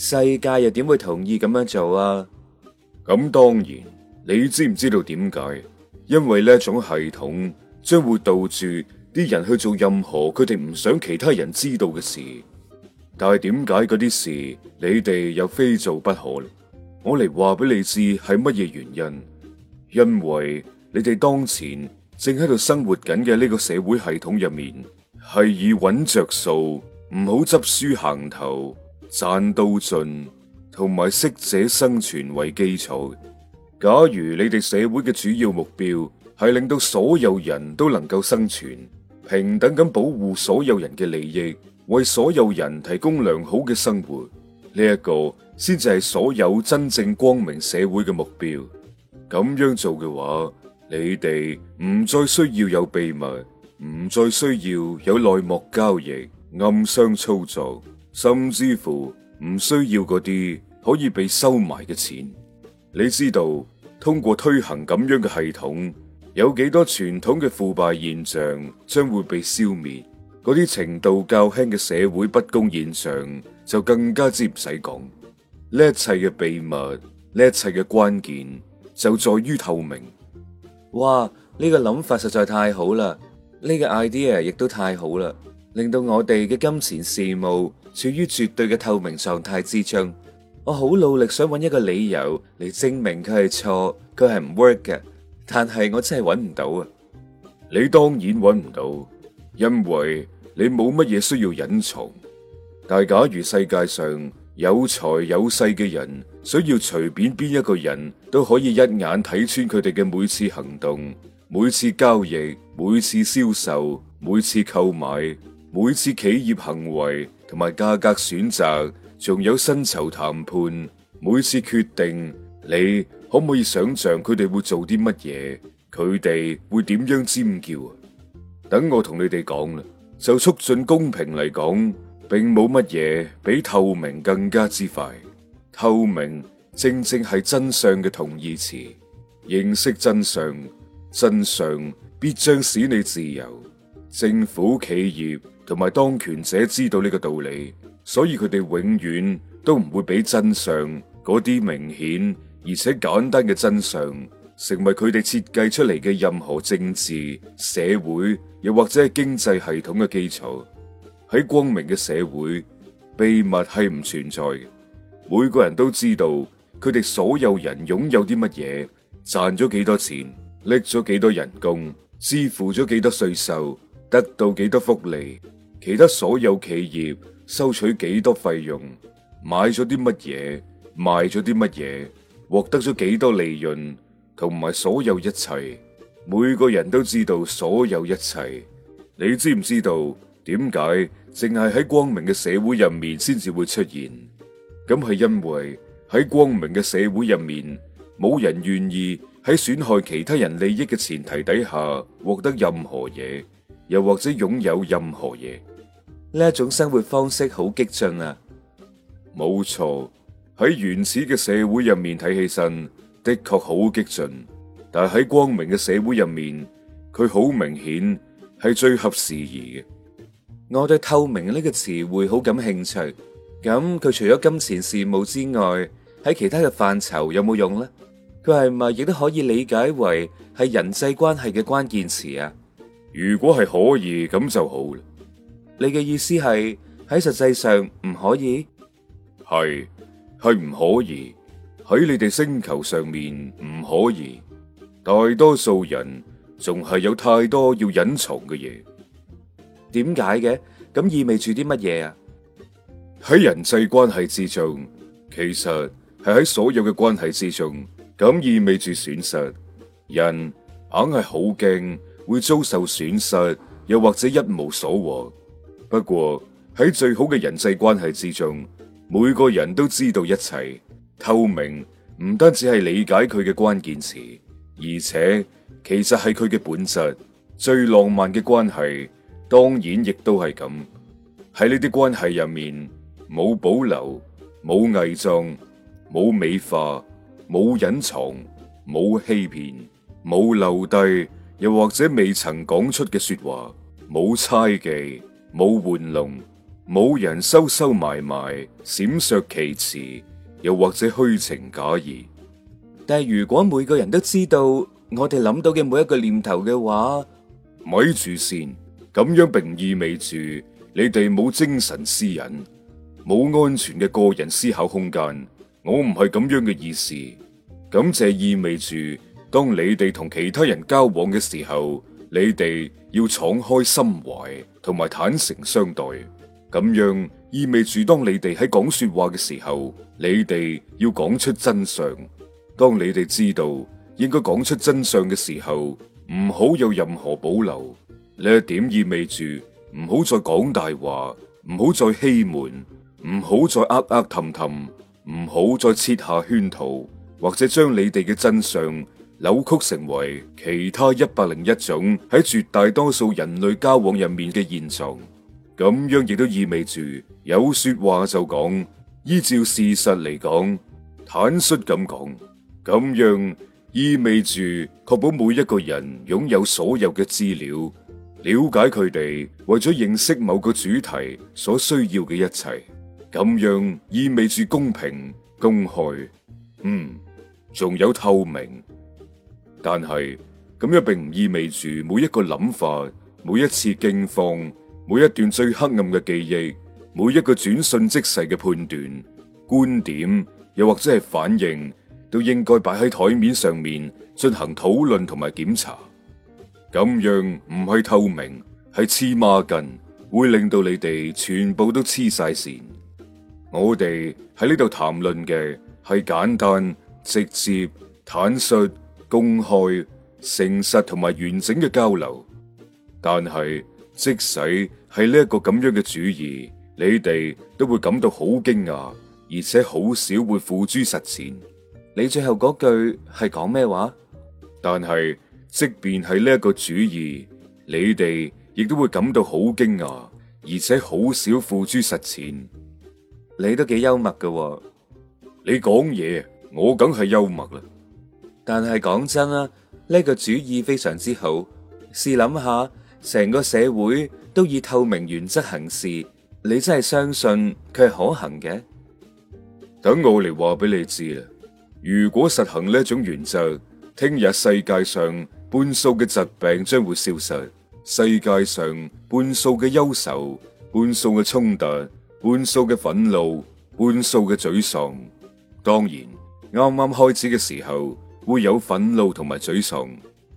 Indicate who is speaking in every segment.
Speaker 1: 世界又點會同意咁樣做啊？咁當然，你知唔知道點解？因為呢一種系統將會導致啲人去做任何佢哋唔想其他人知道嘅事。但係點解嗰啲事你哋又非做不可？我嚟話俾你知係乜嘢原因？因為你哋當前正喺度生活緊嘅呢個社會系統入面，係以揾着數，唔好執輸行頭，賺到盡同埋適者生存為基礎。假如你哋社會嘅主要目標係令到所有人都能夠生存，平等咁保護所有人嘅利益，為所有人提供良好嘅生活，呢一個先至係所有真正光明社會嘅目標。咁樣做嘅話，你哋唔再需要有秘密，唔再需要有內幕交易、暗箱操作。甚至乎唔需要嗰啲可以被收埋嘅錢。你知道通過推行咁樣嘅系統，有幾多傳統嘅腐敗現象將會被消滅？嗰啲程度較輕嘅社會不公現象就更加之唔使講。呢一切嘅秘密，呢一切嘅關鍵就在於透明。哇！呢個諗法實在太好啦，呢個 idea 亦都太好啦，令到我哋嘅金錢事務，處於絕對嘅透明狀態之中，我好努力想揾一個理由嚟證明佢係錯，佢係唔 work 嘅。但係我真係揾唔到啊！你當然揾唔到，因為你冇乜嘢需要隱藏。但假如世界上有財有勢嘅人，需要隨便邊一個人都可以一眼睇穿佢哋嘅每次行動、每次交易、每次銷售、每次購買、每次企業行為。同埋價格選擇，仲有薪酬談判，每次決定，你可唔可以想象佢哋會做啲乜嘢？佢哋會點樣尖叫啊？等我同你哋講啦，就促進公平嚟講，並冇乜嘢比透明更加之快。透明正正係真相嘅同義詞，認識真相，真相必將使你自由。政府企業。同埋當權者知道呢個道理，所以佢哋永遠都唔會俾真相嗰啲明顯而且簡單嘅真相，成為佢哋設計出嚟嘅任何政治、社會又或者係經濟系統嘅基礎。喺光明嘅社會，秘密係唔存在嘅。每個人都知道佢哋所有人擁有啲乜嘢、賺咗幾多錢、拎咗幾多人工、支付咗幾多稅收、得到幾多福利。其他所有企業收取幾多費用，買咗啲乜嘢，賣咗啲乜嘢，獲得咗幾多利潤，同埋所有一切，每個人都知道所有一切。你知唔知道點解淨係喺光明嘅社會入面先至會出現？咁係因為喺光明嘅社會入面，冇人願意喺損害其他人利益嘅前提底下獲得任何嘢，又或者擁有任何嘢。呢一種生活方式好激進啊！冇錯，喺原始嘅社會入面睇起身，的確好激進。但係喺光明嘅社會入面，佢好明顯係最合時宜嘅。我對透明呢個詞彙好感興趣。咁佢除咗金錢事務之外，喺其他嘅範疇有冇用呢？佢係咪亦都可以理解為係人際關係嘅關鍵詞啊？如果係可以，咁就好啦。你嘅意思係喺實際上唔可以？係，係唔可以。喺你哋星球上面唔可以。大多數人仲係有太多要隱藏嘅嘢。點解嘅？咁意味住啲乜嘢啊？喺人際關係之中，其實係喺所有嘅關係之中，咁意味住損失。人硬係好驚會遭受損失，又或者一無所獲。不過喺最好嘅人際關係之中，每個人都知道一切，透明，唔單止係理解佢嘅關鍵詞，而且其實係佢嘅本質。最浪漫嘅關係。當然亦都係咁。喺呢啲關係入面，冇保留、冇偽裝、冇美化、冇隱藏、冇欺騙、冇留低，又或者未曾講出嘅說話，冇猜忌。冇玩弄，冇人收收埋埋、閃爍其詞，又或者虛情假意。但係如果每個人都知道我哋諗到嘅每一個念頭嘅話，咪住先。咁樣並意味住你哋冇精神私隱，冇安全嘅個人思考空間。我唔係咁樣嘅意思。咁就意味住，當你哋同其他人交往嘅時候，你哋要敞開心懷。同埋坦誠相待，咁樣意味住當你哋喺講說話嘅時候，你哋要講出真相。當你哋知道應該講出真相嘅時候，唔好有任何保留。呢一點意味住唔好再講大話，唔好再欺瞞，唔好再呃呃氹氹，唔好再設下圈套，或者將你哋嘅真相。扭曲成為其他一百零一種喺絕大多數人類交往入面嘅現狀，咁樣亦都意味住有說話就講，依照事實嚟講，坦率咁講，咁樣意味住確保每一個人擁有所有嘅資料，了解佢哋為咗認識某個主題所需要嘅一切，咁樣意味住公平、公開，嗯，仲有透明。但係咁樣，並唔意味住每一個諗法、每一次驚慌、每一段最黑暗嘅記憶、每一個轉瞬即逝嘅判斷觀點，又或者係反應，都應該擺喺檯面上面進行討論同埋檢查。咁樣唔係透明，係黐孖筋，會令到你哋全部都黐晒線。我哋喺呢度談論嘅係簡單、直接、坦率。公開、誠實同埋完整嘅交流，但係即使係呢一個咁樣嘅主意，你哋都會感到好驚訝，而且好少會付諸實踐。你最後嗰句係講咩話？但係即便係呢一個主意，你哋亦都會感到好驚訝，而且好少付諸實踐。你都幾幽默㗎喎！你講嘢，我梗係幽默啦。但係講真啦，呢個主意非常之好。試諗下，成個社會都以透明原則行事，你真係相信佢係可行嘅？等我嚟話俾你知啦。如果實行呢種原則，聽日世界上半數嘅疾病將會消失，世界上半數嘅憂愁、半數嘅衝突、半數嘅憤怒、半數嘅沮喪。當然，啱啱開始嘅時候，會有憤怒同埋沮喪，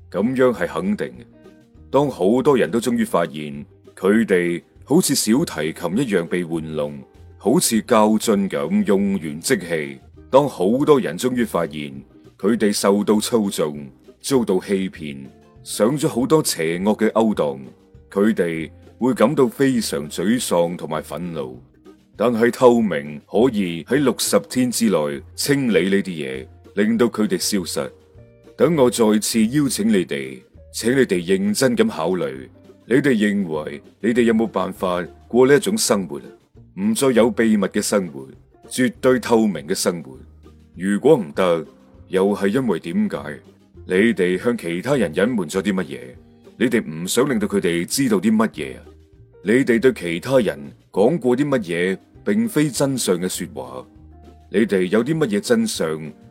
Speaker 1: 咁樣係肯定嘅。當好多人都終於發現佢哋好似小提琴一樣被玩弄，好似膠樽咁用完即棄。當好多人終於發現佢哋受到操縱、遭到欺騙、上咗好多邪惡嘅勾當，佢哋會感到非常沮喪同埋憤怒。但係透明可以喺六十天之內清理呢啲嘢。令到佢哋消失。等我再次邀請你哋，請你哋認真咁考慮。你哋認為你哋有冇辦法過呢一種生活？唔再有秘密嘅生活，絕對透明嘅生活。如果唔得，又係因為點解？你哋向其他人隱瞞咗啲乜嘢？你哋唔想令到佢哋知道啲乜嘢啊？你哋對其他人講過啲乜嘢，並非真相嘅說話。你哋有啲乜嘢真相？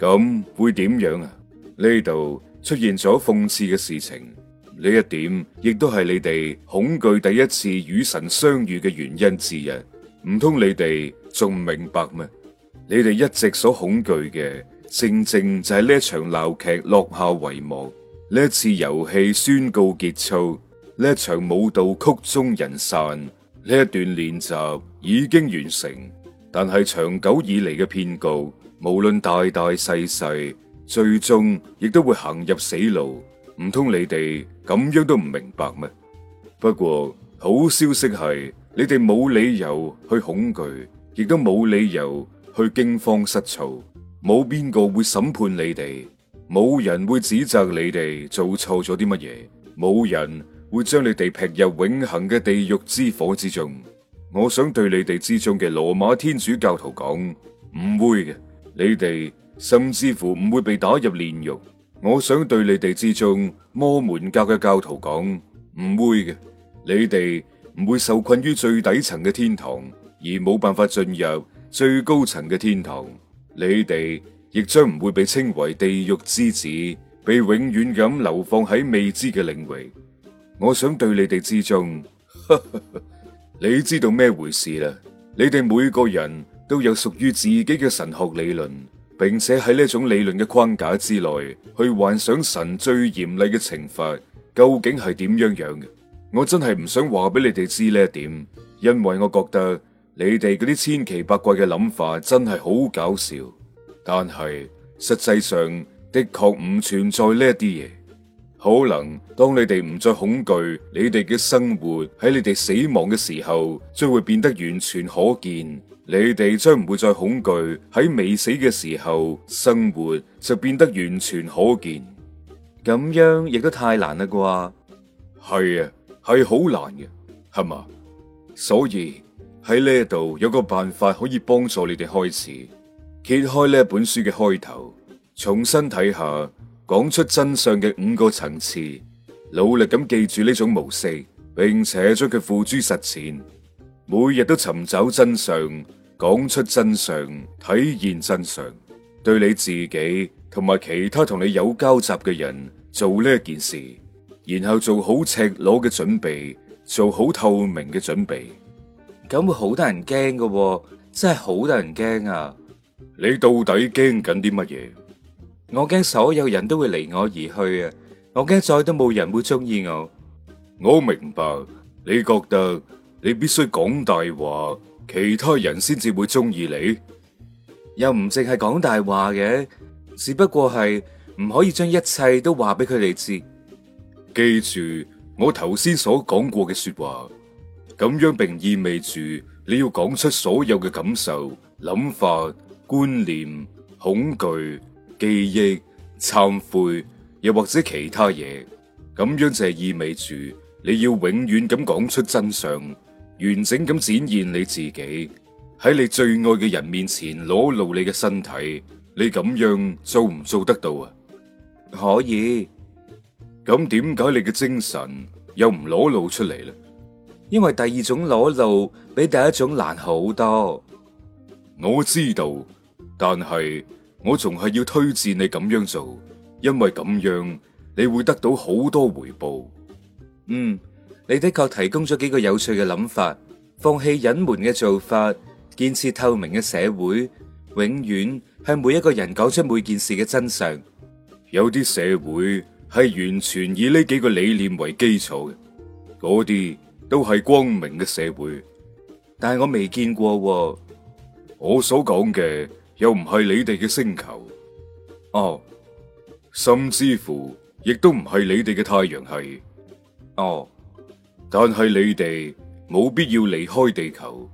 Speaker 1: 咁會點樣啊？呢度出現咗諷刺嘅事情，呢一點亦都係你哋恐懼第一次與神相遇嘅原因之一。唔通你哋仲唔明白咩？你哋一直所恐懼嘅，正正就係呢一場鬧劇落下帷幕，呢次遊戲宣告結束，呢一場舞蹈曲終人散，呢一段練習已經完成，但係長久以嚟嘅騙局。無論大大細細，最終亦都會行入死路。唔通你哋咁樣都唔明白咩？不過好消息係，你哋冇理由去恐懼，亦都冇理由去驚慌失措。冇邊個會審判你哋，冇人會指責你哋做錯咗啲乜嘢，冇人會將你哋劈入永恒嘅地獄之火之中。我想對你哋之中嘅羅馬天主教徒講，唔會嘅。你哋甚至乎唔會被打入煉獄。我想對你哋之中摩門教嘅教徒講，唔會嘅。你哋唔會受困於最底層嘅天堂，而冇辦法進入最高層嘅天堂。你哋亦將唔會被稱為地獄之子，被永遠咁流放喺未知嘅領域。我想對你哋之中呵呵呵，你知道咩回事啦？你哋每個人，都有屬於自己嘅神學理論，並且喺呢一種理論嘅框架之內，去幻想神最嚴厲嘅懲罰究竟係點樣樣嘅。我真係唔想話俾你哋知呢一點，因為我覺得你哋嗰啲千奇百怪嘅諗法真係好搞笑。但係實際上的確唔存在呢一啲嘢。可能當你哋唔再恐懼，你哋嘅生活喺你哋死亡嘅時候，將會變得完全可見。你哋將唔會再恐懼喺未死嘅時候，生活就變得完全可見。咁樣亦都太難啦啩？係啊，係好難嘅，係嘛？所以喺呢一度有個辦法可以幫助你哋開始揭開呢一本書嘅開頭，重新睇下講出真相嘅五個層次，努力咁記住呢種模式，並且將佢付諸實踐，每日都尋找真相。講出真相、體現真相，對你自己同埋其他同你有交集嘅人做呢件事，然後做好赤裸嘅準備，做好透明嘅準備，咁會好得人驚噶喎，真係好得人驚啊！你到底驚緊啲乜嘢？我驚所有人都會離我而去啊！我驚再都冇人會中意我。我明白，你覺得？你必須講大話，其他人先至會中意你。又唔淨係講大話嘅，只不過係唔可以將一切都話俾佢哋知。記住我頭先所講過嘅說話，咁樣並意味住你要講出所有嘅感受、諗法、觀念、恐懼、記憶、懺悔，又或者其他嘢，咁樣就係意味住你要永遠咁講出真相。完整咁展現你自己喺你最愛嘅人面前裸露你嘅身體，你咁樣做唔做得到啊？可以。咁點解你嘅精神又唔裸露出嚟呢？因為第二種裸露比第一種難好多。我知道，但係我仲係要推薦你咁樣做，因為咁樣你會得到好多回報。嗯。你的確提供咗幾個有趣嘅諗法，放棄隱瞞嘅做法，建設透明嘅社會，永遠向每一個人講出每件事嘅真相。有啲社會係完全以呢幾個理念為基礎嘅，嗰啲都係光明嘅社會。但係我未見過，哦。我所講嘅又唔係你哋嘅星球，哦，甚至乎亦都唔係你哋嘅太陽系，哦。但係你哋冇必要離開地球，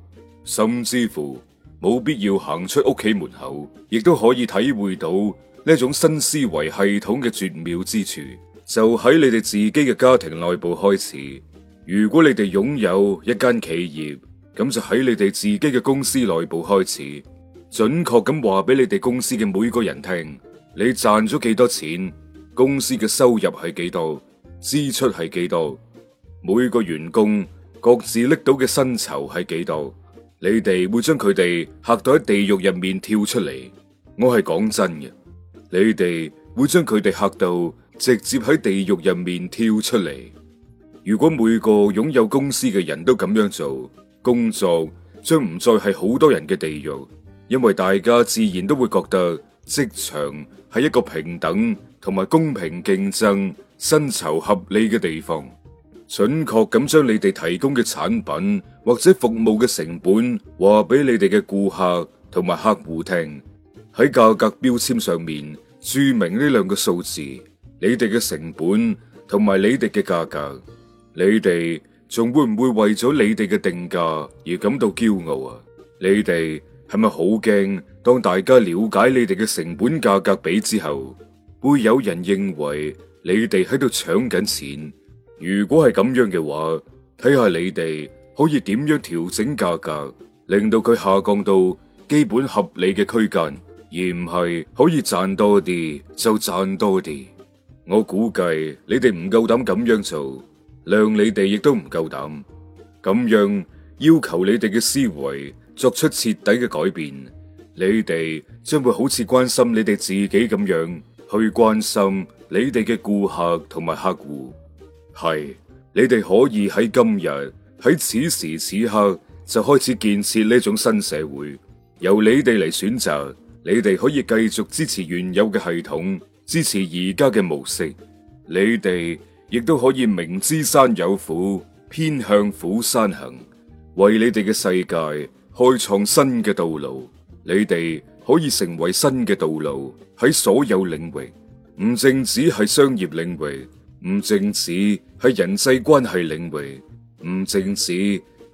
Speaker 1: 甚至乎冇必要行出屋企門口，亦都可以體會到呢種新思維系統嘅絕妙之處。就喺你哋自己嘅家庭內部開始。如果你哋擁有一間企業，咁就喺你哋自己嘅公司內部開始，準確咁話俾你哋公司嘅每個人聽，你賺咗幾多錢，公司嘅收入係幾多，支出係幾多。每個員工各自拎到嘅薪酬係幾多？你哋會將佢哋嚇到喺地獄入面跳出嚟。我係講真嘅，你哋會將佢哋嚇到直接喺地獄入面跳出嚟。如果每個擁有公司嘅人都咁樣做，工作將唔再係好多人嘅地獄，因為大家自然都會覺得職場係一個平等同埋公平競爭、薪酬合理嘅地方。準確咁將你哋提供嘅產品或者服務嘅成本話俾你哋嘅顧客同埋客戶聽，喺價格標籤上面注明呢兩個數字，你哋嘅成本同埋你哋嘅價格，你哋仲會唔會為咗你哋嘅定價而感到驕傲啊？你哋係咪好驚當大家了解你哋嘅成本價格比之後，會有人認為你哋喺度搶緊錢？如果係咁樣嘅話，睇下你哋可以點樣調整價格，令到佢下降到基本合理嘅區間，而唔係可以賺多啲就賺多啲。我估計你哋唔夠膽咁樣做，量你哋亦都唔夠膽咁樣要求你哋嘅思維作出徹底嘅改變。你哋將會好似關心你哋自己咁樣去關心你哋嘅顧客同埋客戶。係你哋可以喺今日，喺此時此刻就開始建設呢種新社會，由你哋嚟選擇。你哋可以繼續支持原有嘅系統，支持而家嘅模式。你哋亦都可以明知山有虎，偏向虎山行，為你哋嘅世界開創新嘅道路。你哋可以成為新嘅道路，喺所有領域，唔淨止係商業領域。唔淨止喺人際關係領域，唔淨止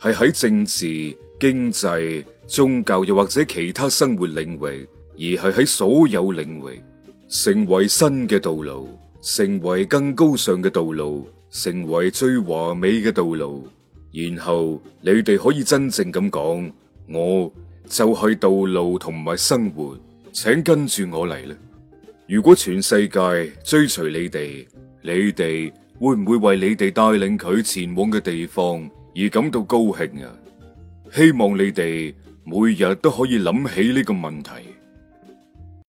Speaker 1: 係喺政治、經濟、宗教又或者其他生活領域，而係喺所有領域成為新嘅道路，成為更高尚嘅道路，成為最華美嘅道路。然後你哋可以真正咁講，我就係道路同埋生活，請跟住我嚟啦。如果全世界追隨你哋。你哋會唔會為你哋帶領佢前往嘅地方而感到高興啊？希望你哋每日都可以諗起呢個問題。